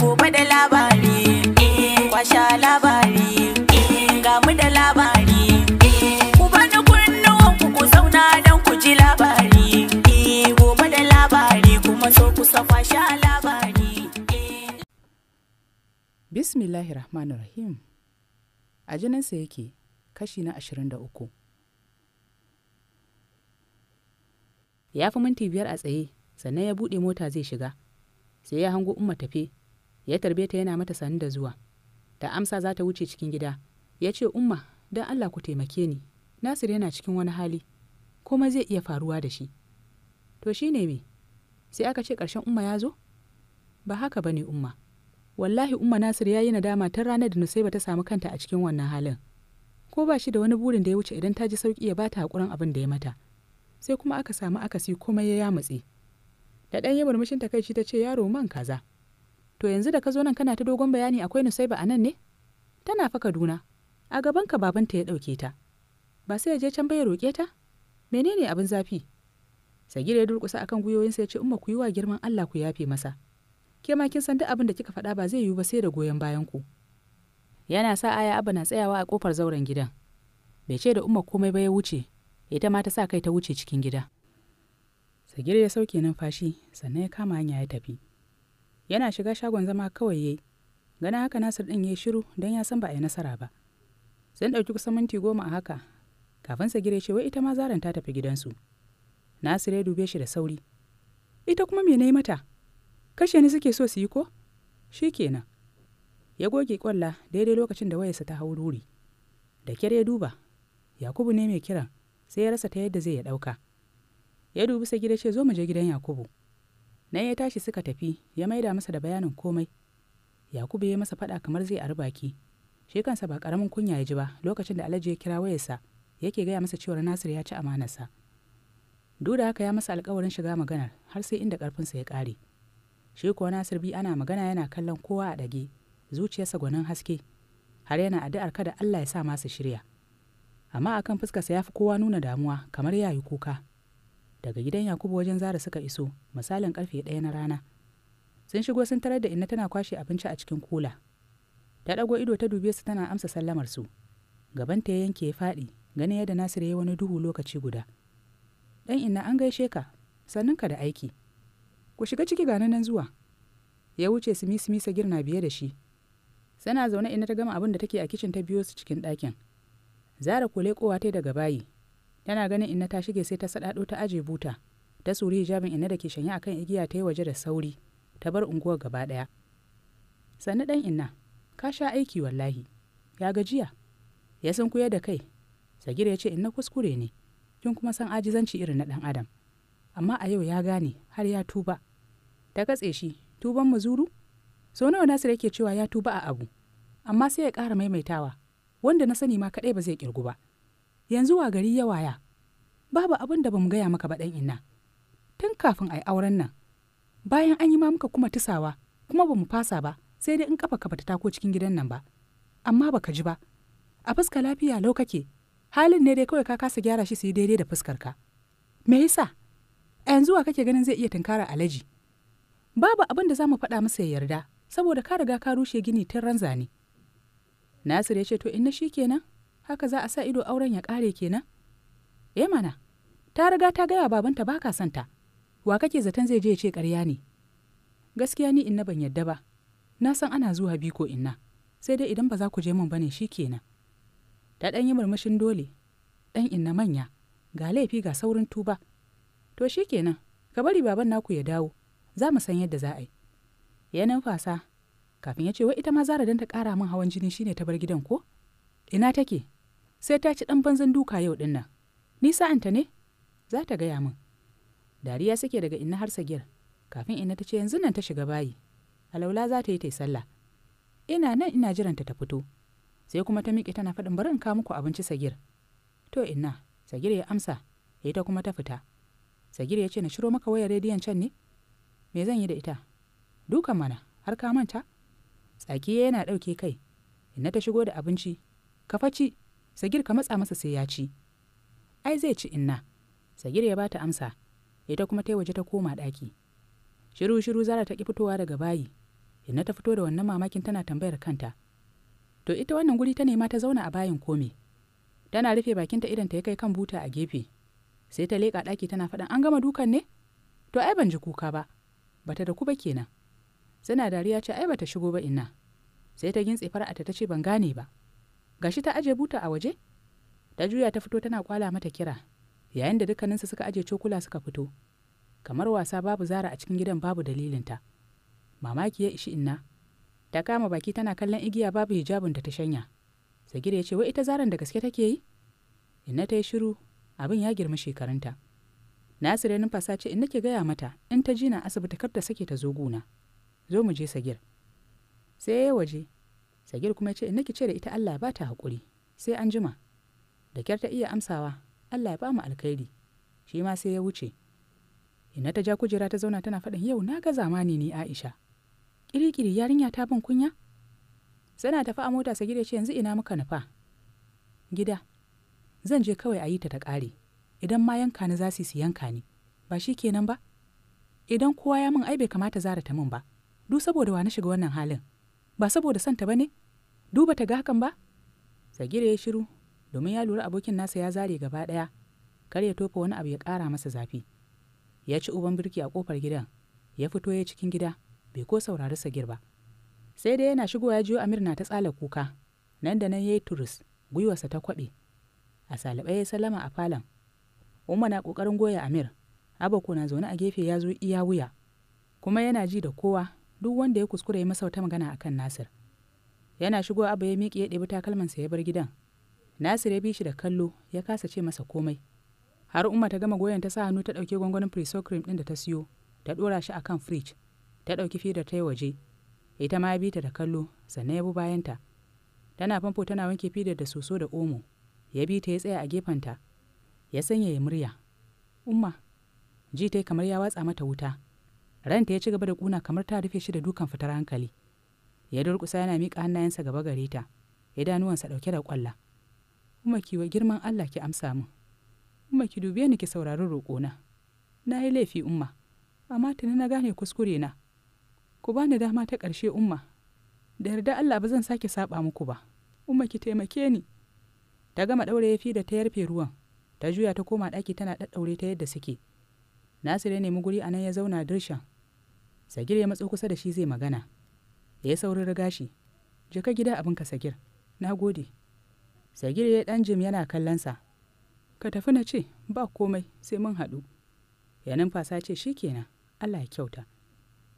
gobe da labari eh, kwasha labari eh, ga mu da labari eh, ku bani kunnuwan ku ku zauna don ku ji labari gobe da labari kuma so ku kwasha labari bismillahir rahmanir rahim a jininsa yake kashi na 23 ya fi minti biyar a tsaye sannan ya buɗe mota zai shiga sai ya hango umma tafe ya tarbe ta yana mata sanu da zuwa Da amsa za ta wuce cikin gida ya ce umma don allah ku taimake ni nasir yana cikin wani hali kuma zai iya faruwa da shi to shi ne me sai aka ce ƙarshen umma ya zo ba haka ba ne umma wallahi umma nasir ya yi nadama ta ranar da nusaiba ta samu kanta a cikin wannan halin ko ba shi da wani burin da ya wuce idan ta ji sauki ya bata hakurin abin da ya mata sai kuma aka samu akasi kuma ya yamutse da ɗan yi murmushin takaici ta ce yaro man kaza to yanzu da ka zo nan kana ta dogon bayani akwai nusaiba a nan ne tana fa kaduna a gaban ka babanta ya ɗauke ta ba sai ya je can ba ya roƙe ta menene abin zafi sagira ya durƙusa akan gwiwoyinsa ya ce umma ku yi wa girman allah ku yafe masa ke ma kin san duk abin da kika faɗa ba zai yiwu ba sai da goyon bayan ku yana sa aya abu na tsayawa a kofar zauren gidan bai ce da umma komai ba ya wuce ita ma ta sa kai ta wuce cikin gida sagir ya sauke numfashi sannan ya kama hanya ya tafi yana shiga shagon zama kawai ya yi gana haka nasir ɗin yayi shiru don ya san ba a yi nasara ba sun ɗauki kusan minti goma a haka kafin sa gire ce wai ita ma zaran ta tafi gidansu nasir ya dube shi da sauri ita kuma me nayi mata kashe ni suke so su yi ko Shi kenan. ya goge kwalla daidai lokacin da wayarsa ta hau ruri da kyar ya duba yakubu ne mai kiran sai ya rasa ta yadda zai ya ɗauka ya dubi sa gida ce zo mu je gidan yakubu nan ya tashi suka tafi ya maida masa da bayanin komai yakubu ya masa faɗa kamar zai ari baki shi kansa ba ƙaramin kunya ya ji ba lokacin da alhaji ya kira wayarsa yake gaya masa cewar nasir ya ci amanarsa duk da haka ya masa alkawarin shiga maganar har sai inda ƙarfinsa ya kare shi kuwa nasir bi ana magana yana kallon kowa a ɗage zuciyarsa gwanin haske har yana addu'ar kada allah ya sa masa shirya amma akan fuskarsa ya fi kowa nuna damuwa kamar ya yi kuka daga gidan yakubu wajen zara suka iso misalin karfe ɗaya na rana sun shigo sun tarar da inna tana kwashe abinci a cikin kula ta ɗago ido ta dube su tana amsa sallamar su gabanta ya yanke ya faɗi ganin yadda nasir ya wani duhu lokaci guda ɗan inna an gaishe ka sannan ka da aiki ku shiga ciki ga nan zuwa ya wuce su simi misa girna biye da shi sana zaune inna ta gama abin da take a kicin ta biyo su cikin ɗakin zara kule kowa ta daga bayi tana ganin inna ta shige sai ta saɗaɗo ta aje buta ta suri hijabin inna da ke shanye akan igiya ta yi waje da sauri ta bar unguwar gaba ɗaya sannu dan inna ka sha aiki wallahi ya gajiya ya san kuya da kai sagira ya ce inna kuskure ne kin kuma san ajizanci irin na dan adam amma a yau ya gane har ya tuba ta katse shi tuban mu zuru so nawa nasir yake cewa ya tuba a abu amma sai ya kara maimaitawa wanda na sani ma kadai ba zai kirgu ba yanzu wa gari ya waya babu abin da bamu gaya maka ba ɗan ina tun kafin a yi auren nan bayan an yi ma muka kuma tusawa kuma bamu fasa ba sai dai in kafa ka bata tako cikin gidan nan ba amma baka ji ba a fuska lafiya lau kake halin ne dai kawai ka kasa gyara shi su yi daidai da fuskar ka me yasa a yanzu wa kake ganin zai iya tunkara alaji babu abin da za mu faɗa masa ya yarda saboda ka riga ka rushe gini tun ran zane nasir ya ce to inna shi kenan haka za a sa ido auren ya ƙare kenan eh mana ta riga ta gaya babanta ba ka santa wa kake zaton zai je ya ce ƙarya ne gaskiya ni inna ban yadda ba na san ana zuwa biko inna sai dai idan ba za ku je min bane shi kenan ta ɗan yi murmushin dole ɗan inna manya ga laifi ga saurin tuba to shi kenan ka bari baban naku ya dawo za mu san yadda za a yi ya numfasa kafin ya ce wai ita ma zara don ta ƙara min hawan jini shine ta bar gidan ko ina take sai ta ci ɗan banzan duka yau ɗin nan ni sa'anta ne za ta gaya min dariya suke daga inna har sagir kafin ina ta ce yanzu nan ta shiga bayi alaula za ta yi ta yi sallah ina nan ina jiranta ta fito sai kuma ta miƙe tana faɗin bari in ka muku abinci sagir to inna sagir ya amsa ya ta kuma ta fita sagir ya ce na shiro maka wayar rediyon can ne me zan yi da ita dukan mana har ka manta tsaki yana ɗauke kai inna ta shigo da abinci ka faci sagir ka matsa masa sai ya ci ai zai ci inna sagir ya bata amsa ita kuma ta waje ta koma ɗaki shiru shiru zara ta ki fitowa daga bayi inna ta fito da wannan mamakin tana tambayar kanta to ita wannan guri ta nema ta zauna a bayin kome tana rufe bakinta idan ta ya kai kan buta a gefe sai ta leka ɗaki tana faɗin an gama dukan ne to ai ban ji kuka ba bata da kuba kenan suna dariya ce ai bata shigo ba inna sai ta gintse fara'ata ta ce ban gane ba gashi ta aje buta a waje ta juya ta fito tana kwala mata kira yayin da dukkaninsu suka aje cokula suka fito kamar wasa babu zara a cikin gidan babu dalilinta mamaki ya ishi inna ta kama baki tana kallon igiya babu hijabin da ta shanya sagir ya ce wai ita zaran da gaske take yi inna ta yi shiru abin ya girma shekarunta nasir ya numfasa ce in nake gaya mata in ta ji na asibiti kar ta sake ta zo gona zo mu je sagir sai ya waje sagir kuma ce nake ki ce da ita Allah ba ta haƙuri sai an jima da kyar ta iya amsawa Allah ya ba mu alkhairi shi ma sai ya wuce ina ta ja kujera ta zauna tana faɗin yau na ga zamani ne Aisha kirikiri yarinya ta bin kunya sana tafi a mota sagir ya ce yanzu ina muka nufa gida zan je kawai a yi ta ta ƙare idan ma yanka ni za su yi yanka ni ba shi kenan ba idan kowa ya min ai bai kamata zara ta min ba duk saboda wa na shiga wannan halin ba saboda santa ba ne duba ta ga hakan ba sagira ya shiru domin ya lura abokin nasa ya zare gaba ɗaya kar ya tofa wani abu ya ƙara masa zafi ya ci uban birki a ƙofar gidan ya fito ya cikin gida bai ko saurari sagir ba sai dai yana shigowa ya jiyo amir na ta tsala kuka nan da nan ya yi turis gwiwarsa ta kwaɓe a salibai ya salama a falon umma na ƙoƙarin goya amir abako na zaune a gefe ya zo iya wuya kuma yana ji da kowa duk wanda ya kuskura ya masa wata magana akan Nasir. Yana shigo abu ya miƙe ya ɗebi takalmansa ya bar gidan. Nasir ya bi shi da kallo ya kasa ce masa komai. Har Umma ta gama goyon ta sa hannu ta ɗauki gwangwanin preso cream ɗin da ta siyo ta ɗora shi akan fridge ta ɗauki fidar ta yi waje. Ita ma ya bi ta da kallo sannan ya bi bayanta. Tana famfo tana wanke fidar da soso da omo. Ya bi ta ya tsaya a ta. Ya sanya ya murya. Umma, ji ta kamar ya watsa mata wuta. ranta ya ci gaba da kuna kamar ta rufe shi da dukan fitar hankali ya durkusa yana mika hannayensa gaba gare ta ya danuwansa dauke da ƙwalla kuma ki wa girman Allah ki amsa min kuma ki dube ni ki saurari roƙona na yi laifi umma amma tuni na gane kuskure na ku bani dama ta ƙarshe umma da yarda Allah ba zan sake saba muku ba umma ki taimake ni ta gama ɗaure yafi da ta yarfe ruwan ta juya ta koma ɗaki tana ɗaɗɗaure ta yadda suke Nasiru ya nemi guri a ya zauna dirshan sagir ya matso kusa da shi zai magana ya yi saurin riga shi ka gida abinka sagir na gode sagir ya ɗan jim yana kallonsa ka tafi na ce ba komai sai mun haɗu ya numfasa ce shi kenan allah ya kyauta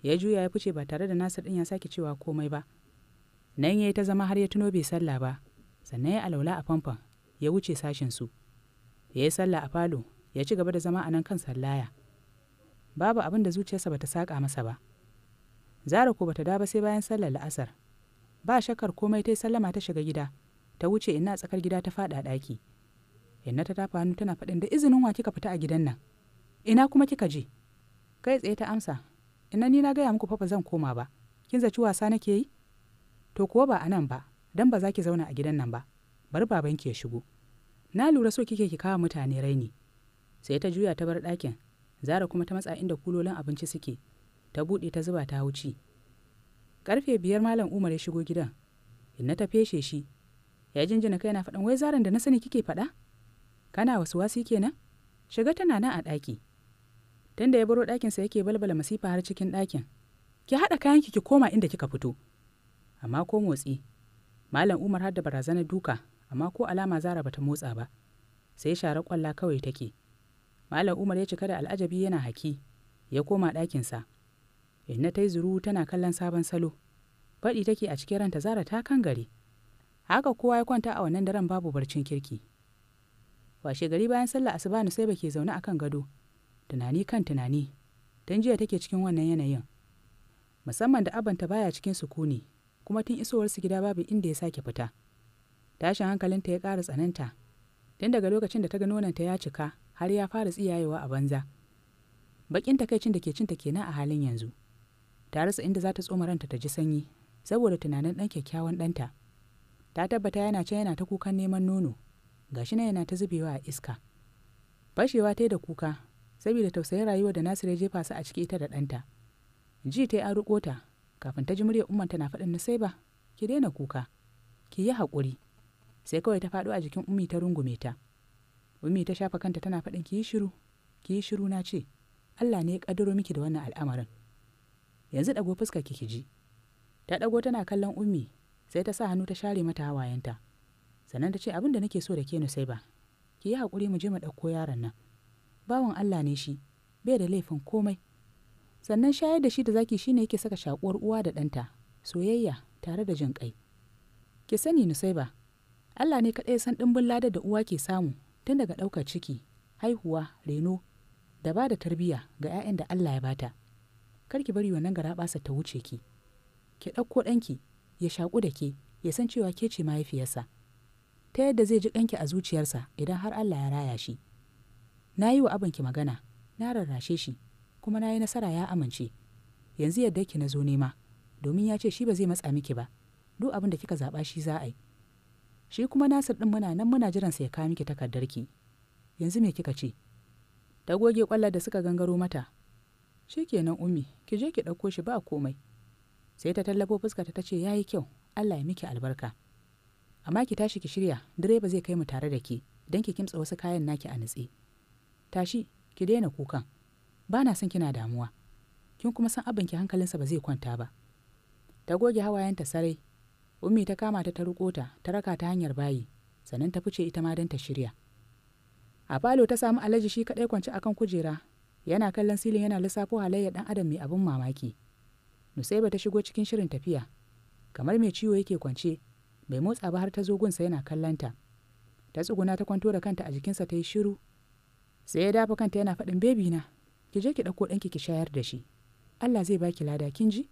ya juya ya fice ba tare da nasir ɗin ya sake cewa komai ba nan ya yi ta zama har ya tuno bai sallah ba sannan ya alaula a famfon ya wuce sashin su ya yi sallah a falo ya ci gaba da zama a nan kan sallaya babu abin da zuciyarsa bata saƙa masa ba zara ko bata da ba sai bayan sallar la'asar ba shakar komai ta sallama ta shiga gida ta wuce inna tsakar gida ta faɗa ɗaki inna ta tafa hannu tana faɗin da izinin wa kika fita a gidan nan ina kuma kika je kai tsaye ta amsa Inna ni na gaya muku fa zan koma ba kin zaci wasa nake yi to kuwa ba anan ba dan ba za ki zauna a gidan nan ba bari babanki ya shigo na lura so kike ki kawo mutane raini sai ta juya ta bar ɗakin zara kuma ta matsa inda kulolin abinci suke ta buɗe ta zuba ta wuce karfe biyar malam umar ya shigo gidan inna ta feshe shi ya jinjina kai na faɗan wai zaran da na sani kike faɗa kana wasu wasi kenan shiga tana nan a ɗaki tunda ya baro ɗakinsa yake balbala masifa har cikin ɗakin ki haɗa kayan ki ki koma inda kika fito amma ko motsi malam umar har da barazanar duka amma ko alama zara bata motsa ba sai share kwalla kawai take malam umar ya cika da al'ajabi yana haki ya koma ɗakinsa inna ta yi zuru tana kallon sabon salo faɗi take a cikin ranta zara ta kan gari haka kowa ya kwanta a wannan daren babu barcin kirki washe gari bayan sallah asuba sai ba ke zaune akan gado tunani kan tunani don jiya take cikin wannan yanayin musamman da abanta baya cikin sukuni kuma tun isowarsu gida babu inda ya sake fita tashin hankalinta ya ƙara tsananta tun daga lokacin da ta ga nonanta ya cika har ya fara tsiyayewa a banza bakin takaicin da ke cinta kenan a halin yanzu ta rasa inda za ta tsoma ranta ta ji sanyi saboda tunanin ɗan kyakkyawan ɗanta ta tabbata yana can yana ta kukan neman nono gashi na yana ta zubewa a iska fashewa ta da kuka saboda tausayin rayuwa da nasir ya jefa su a ciki ita da ɗanta ji ta yi aro ƙota. kafin ta ji muryar umman na faɗin na sai ba ki daina kuka ki yi haƙuri sai kawai ta faɗo a jikin ummi ta rungume ta ummi ta shafa kanta tana faɗin ki yi shiru ki yi shiru na ce allah ne ya ƙaddaro miki da wannan al'amarin yanzu ɗago fuskar ki ji ta ɗago tana kallon ummi sai ta sa hannu ta share mata hawayenta sannan ta ce abin da nake so da ke sai ba ki yi haƙuri mu je mu ɗauko yaron nan bawan allah ne shi bai da laifin komai sannan shayar da shi da zaki shine yake saka shakuwar uwa da ɗanta soyayya tare da jin ƙai ki sani nusaiba allah ne kaɗai san ɗimbin ladar da uwa ke samu tun daga ɗaukar ciki haihuwa reno da ba da tarbiyya ga 'ya'yan da Allah ya bata kar ki bari wannan basa ta wuce ki ki ɗauko ɗanki ya shaƙu da ke ya san cewa ke ce mahaifiyarsa ta yadda zai ji ɗanki a zuciyarsa idan har Allah ya raya shi na yi wa abin ki magana na rarrashe shi kuma na yi nasara ya amince yanzu yadda ki na zo nema domin ya ce shi ba zai matsa miki ba duk abin da kika zaɓa shi za a yi shi kuma nasir ɗin muna nan muna jiran sai ya kawo miki ki. yanzu me kika ce ta goge kwalla da suka gangaro mata shikenan ummi ki je ki ɗauko shi ba komai sai ta tallafo fuska ta ce yayi kyau Allah ya miki albarka amma ki tashi ki shirya direba zai kai mu tare da ki dan ki kimtsa wasu kayan naki a nutse tashi ki daina kukan ba na son kina damuwa kin kuma san abin ki hankalinsa ba zai kwanta ba ta goge hawayenta sarai ummi ta kama ta ta riko ta ta raka ta hanyar bayi sannan ta fice ita ma don ta shirya a falo ta samu alhaji shi kaɗai kwance akan kujera yana kallon silin yana lissafo halayya ɗan adam mai abin mamaki nusaiba ta shigo cikin shirin tafiya kamar mai ciwo yake kwance bai motsa ba har ta zo gunsa yana kallon ta ta tsuguna ta kwanto da kanta a jikinsa ta yi shiru sai ya dafa kanta yana faɗin bebi na ki je ki ɗauko ɗanki ki shayar da shi Allah zai baki lada kin ji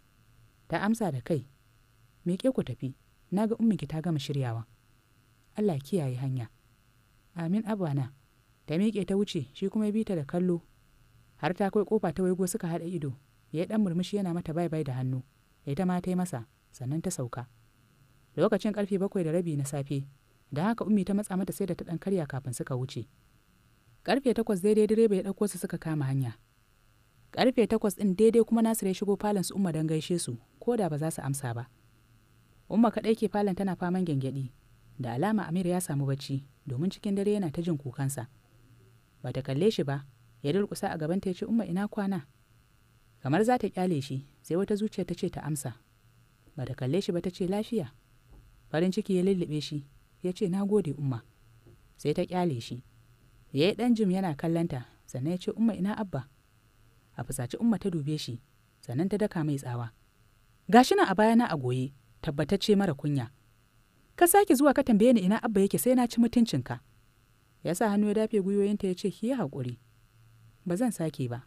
ta amsa da kai Me ke ku tafi na ga umminki ta gama shiryawa allah kiyaye hanya amin abana ta miƙe ta wuce shi kuma ya bi ta da kallo har ta kai kofa ta waigo suka haɗa ido ya yi ɗan murmushi yana mata bai bai da hannu ita ma ta yi masa sannan ta sauka lokacin ƙarfe bakwai da rabi na safe da haka ummi ta matsa mata sai da ta ɗan karya kafin suka wuce ƙarfe takwas daidai direba ya ɗauko su suka kama hanya karfe takwas ɗin daidai kuma nasir ya shigo falon su umma don gaishe su ko da ba za su amsa ba umma kaɗai ke falon tana faman gyangyaɗi da alama amir ya samu bacci domin cikin dare yana ta jin kukansa ba ta kalle shi ba ya durkusa a ta ya ce umma ina kwana kamar za ta kyale shi sai wata zuciya ta ce ta amsa ba ta kalle shi ba ta ce lafiya farin ciki ya lullube shi ya ce na gode umma sai ta kyale shi ya yi ɗan jim yana kallanta sannan ya ce umma ina abba a fusaci umma ta dube shi sannan ta daka mai tsawa gashi nan a bayana a goye tabbatacce mara kunya ka sake zuwa ka tambaye ni ina abba yake sai na ci mutuncinka ya sa hannu ya dafe gwiwoyinta ya ce ki yi haƙuri ba zan sake ba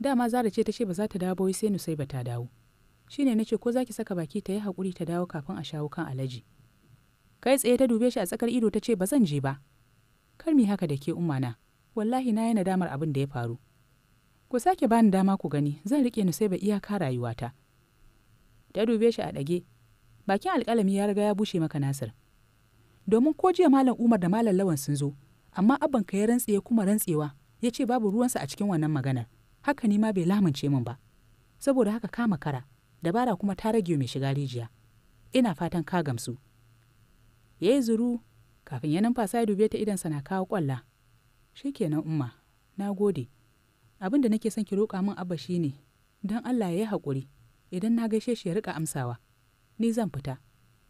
dama zara ce ta ce ba za ta dawo nu sai nusai ba ta dawo Shi shine ce ko zaki saka baki ta yi haƙuri ta dawo kafin a shawo kan alaji kai tsaye ta dube shi a tsakar ido ta ce ba zan je ba kar mi haka da ke ummana wallahi na yi damar abin da ya faru ku sake bani dama ku gani zan riƙe sai ba iyaka rayuwata ta dube shi a ɗage bakin alƙalami ya riga ya bushe maka nasir domin ko jiya malam umar da malam lawan sun zo amma abban ka ya rantse kuma rantsewa ya ce babu ruwansa a cikin wannan maganar haka ni ma bai lamince min ba saboda haka kama kara dabara kuma ta rage mai shiga rijiya ina fatan ka gamsu ya yi zuru kafin ya numfasa ya dube ta idan na kawo kwalla shikenan umma na gode abin da nake son ki roƙa min abba shine don allah ya yi haƙuri idan na gaishe shi ya riƙa amsawa ni zan fita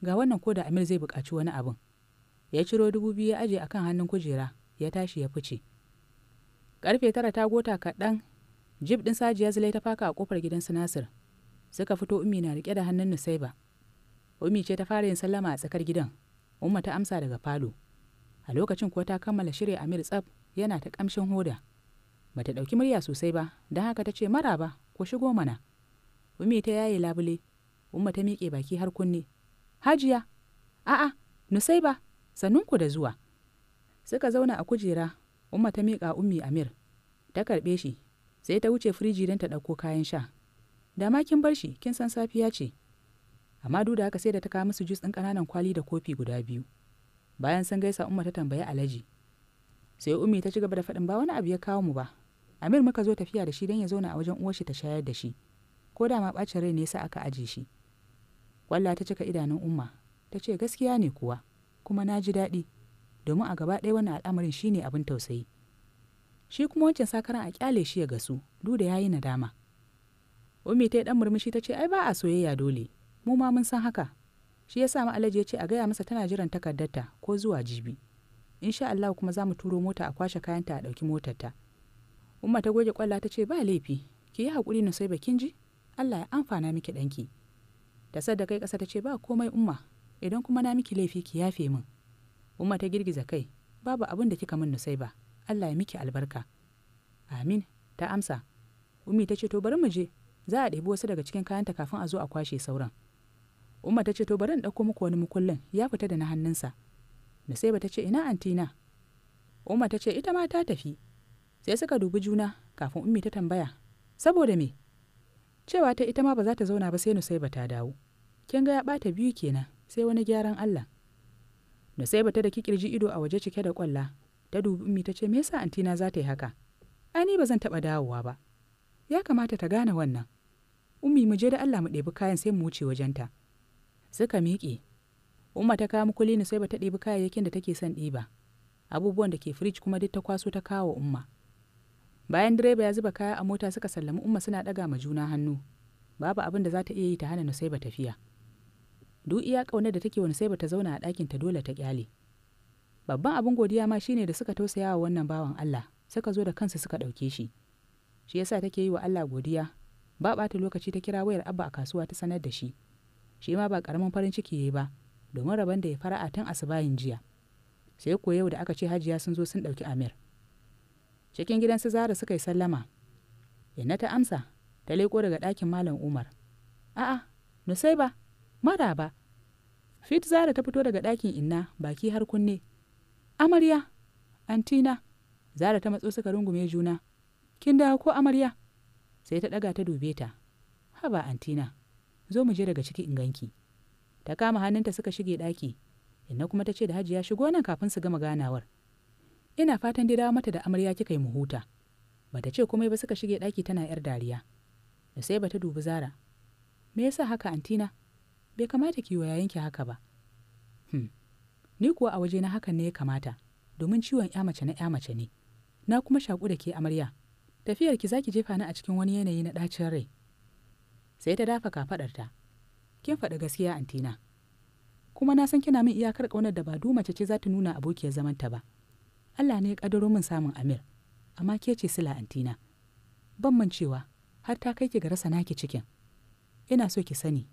ga wannan ko da amir zai buƙaci wani abin ya ciro dubu biyu ya aje akan hannun kujera ya tashi ya fice karfe tara ta gota kaɗan jib ɗin sajiya zilai ta faka a ƙofar gidan sinasir suka fito ummi na riƙe da hannun nusaiba ummi ce ta fara yin sallama a tsakar gidan umma ta amsa daga falo a lokacin kuwa ta kammala shirya amir tsaf yana ta ƙamshin hoda bata ɗauki murya sosai ba don haka ta ce mara ba, ko shigo mana umi ta yaye labule umma ta miƙe baki har kunne hajiya a'a nusai ba. sannunku da zuwa suka zauna a kujera umma ta miƙa ummi amir ta karɓe shi sai ta wuce firiji don ta ɗauko kayan sha Dama kin bar shi kin san safiya ce amma duk da haka sai da ta kawo musu jus ɗin ƙananan kwali da kofi guda biyu bayan sun gaisa umma ta tambayi alaji sai ummi ta ci gaba da faɗin ba wani abu ya kawo mu ba amir muka zo tafiya da shi don ya zauna a wajen shi ta shayar da shi ko da ma ɓacin rai ne sa aka aje shi walla ta cika idanun umma ta ce gaskiya ne kuwa kuma na ji daɗi domin a gaba ɗaya wannan al'amarin shine abin tausayi shi kuma wancan sakaran a kyale shi ya gasu duk da yayi nadama Umi ta yi ɗan murmushi ta ce ai ba a soyayya dole mu ma mun san haka shi ya sa alaji ya ce a gaya masa tana jiran takardarta ko zuwa jibi insha Allah kuma za mu turo mota a kwashe kayanta a ɗauki motarta umma ta goge kwalla ta ce ba laifi ki yi haƙuri na sai bakin ji Allah ya amfana miki ɗanki da sadda kai ƙasa ta ce ba komai umma idan kuma na miki laifi ki yafe min umma ta girgiza kai babu abin da kika min nusai ba allah ya miki albarka amin ta amsa ummi ta ce to bari mu je za a ɗebi wasu daga cikin kayanta kafin a zo a kwashe sauran umma ta ce to bari in ɗauko muku wani mukullin ya fita da na hannunsa ba ta ce ina antina umma ta ce ita ma ta tafi sai suka dubi juna kafin ummi ta tambaya saboda me cewa ta ita ma ba za ta zauna ba sai nusaiba ta dawo kin ga ya ɓata biyu kenan sai wani gyaran Allah da sai bata da kikirji ido a waje cike da kwalla ta dubi mi ta ce me yasa antina za ta yi haka ai ni ba zan taɓa dawowa ba ya kamata ta gane wannan ummi mu je da Allah mu ɗebi kayan sai mu wuce wajenta suka miƙe umma ta kawo mukuli ne sai bata ɗebi kayayyakin da take son ɗiba abubuwan da ke firij kuma duk ta kwaso ta kawo umma bayan direba ya zuba kaya a mota suka sallami umma suna ɗaga ma juna hannu babu abin da za ta iya yi ta hana nusaiba tafiya duk iya ƙaune da take wani sai bata zauna a ɗakin ta dole ta ƙyale babban abin godiya ma shine da suka tausaya wa wannan bawan Allah suka zo da kansu suka ɗauke shi shi yasa take yi wa Allah godiya ba ɓata lokaci ta kira wayar abba a kasuwa ta sanar da shi shi ma ba ƙaramin farin ciki yi ba domin rabon da ya a tun asubahin jiya sai ko yau da aka ce hajiya sun zo sun ɗauki amir cikin gidan su zara suka yi sallama inna ta amsa ta leƙo daga ɗakin malam umar a'a ba. Mara ba. fit zara ta fito daga ɗakin inna baki har kunne amarya antina zara ta matso suka rungume juna kin dawo ko amarya sai ta ɗaga ta dube ta haba antina zo mu je daga ciki in ganki ta kama hannunta suka shige ɗaki inna kuma ta ce da hajiya shigo nan kafin su gama ganawar ina fatan dai dawo mata da amarya kika yi mu huta bata ce komai ba suka shige ɗaki tana yar dariya da sai ta dubi zara me yasa haka antina bai kamata ki wa yanke haka ba hmm. ni kuwa a waje na hakan ne ya kamata domin ciwon ya mace na ya mace ne na kuma shaƙu da ke amarya tafiyar ki zaki jefa ni a cikin wani yanayi na ɗacin rai sai ta dafa kafaɗarta kin faɗi gaskiya antina kuma na san kina min iyakar ƙaunar da ba du mace ce za ta nuna abokiyar zamanta ba Allah ne ya ƙaddaro min samun Amir amma ke ce sila antina ban mancewa cewa har ta kai ki ga rasa naki cikin ina so ki sani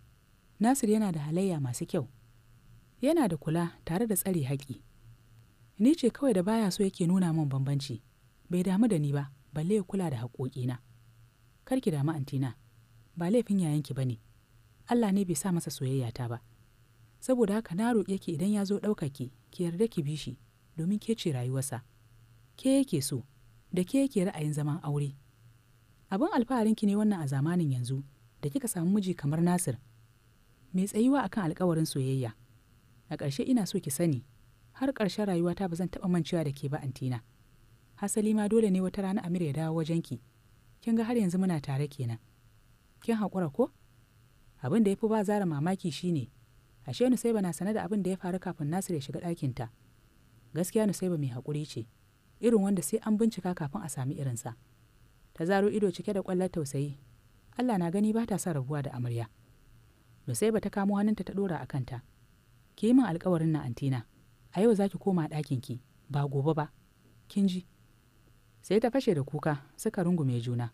nasir yana da halayya masu kyau yana da kula tare da tsare haƙi ni ce kawai da baya so yake nuna min bambanci bai damu da ni ba balle ya kula da haƙoƙina kar ki damu antina ba laifin yayanki ba ne allah ne bai sa masa soyayya ta ba saboda haka na roƙe ki idan ya zo ɗaukaki ki yarda ki bi shi domin ke ce rayuwarsa ke yake so da ke yake ra'ayin zaman aure abin ki ne wannan a zamanin yanzu da kika samu miji kamar nasir mai tsayuwa akan alkawarin soyayya a ƙarshe ina so ki sani har ƙarshen rayuwata ba zan taɓa mancewa da ke ba antina hasali ma dole ne wata rana amir ya dawo wajen ki. kin ga har yanzu muna tare kenan kin haƙura ko abin da ya fi ba zara mamaki shine ashe nusaiba na sane da abin da ya faru kafin nasir ya shiga ɗakinta gaskiya nusaiba mai haƙuri ce irin wanda sai an bincika kafin a sami irinsa ta zaro ido cike da ƙwallon tausayi allah na gani ba ta son rabuwa da amarya sai ta kamo hannunta ta ɗora a kanta. Ki yi min alkawarin na antina, a yau za ki koma ɗakin ki ba gobe ba. Kin ji? Sai ta fashe da kuka suka rungume juna.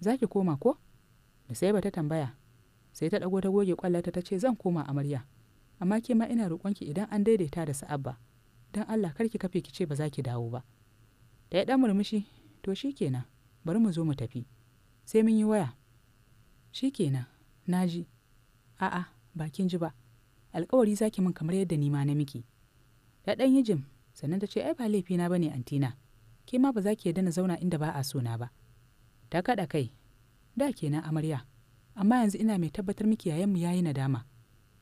Za ki koma ko? ba ta tambaya. Sai ta ɗago ta goge ƙwallata ta ce zan koma amarya. Amma ke ma ina roƙonki idan an daidaita da sa'abba. Don Allah kar ki kafe ki ce ba za ki dawo ba. Da ya ɗan murmushi, to shi kenan, bari mu zo mu tafi. Sai mun yi waya. Shi kenan, na ji. a'a ba kin ji ba alkawari zaki min kamar yadda ni ma na miki ta ɗan yi jim sannan ta ce ai ba laifina ba ne antina ke ma ba za ki yadda na zauna inda ba a so na ba ta kaɗa kai da kenan amarya amma yanzu ina mai tabbatar miki mu yayi nadama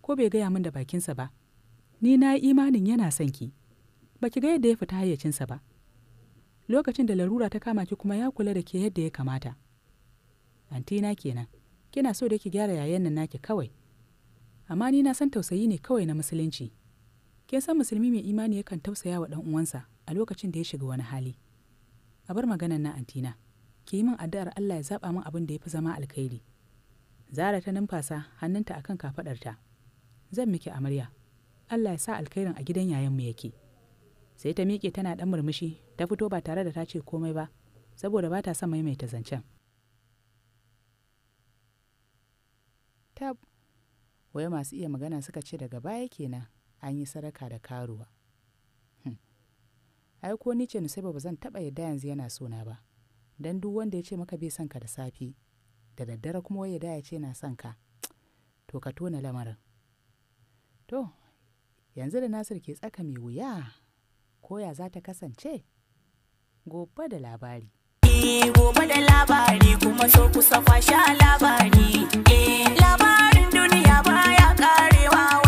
ko bai gaya min da bakinsa ba ni na yi imanin yana son ki ba ki ga yadda ya fita hayyacinsa ba lokacin da larura ta kama ki kuma ya kula da ke yadda ya kamata antina kenan kina so da ki gyara yayan nan naki kawai amma ni na san tausayi ne kawai na musulunci kin san musulmi mai imani yakan tausaya wa ɗan uwansa a lokacin da ya shiga wani hali a bar maganan na antina ki yi min addu'ar Allah ya zaba min abin da ya fi zama alkhairi zara ta numfasa hannunta akan kafaɗarta. zan miki amarya Allah ya sa alkhairin a gidan yayanmu yake sai ta miƙe tana ɗan murmushi ta fito ba tare da ta ce komai ba saboda ba ta son maimaita zancen wai masu iya magana suka ce daga baya kenan an yi sadaka da karuwa hmm. ai ko ni ce ni sai ba zan taɓa yadda yanzu yana sona ba don duk wanda ya ce maka bai son ka da safe da daddare kuma wai ya ce na son ka to ka tona lamarin to yanzu da nasir ke tsaka mai wuya koya za ta kasance gobe da labari labari gobe da labari kuma so kusa kwasha labari eh, labarin duniya baya karewa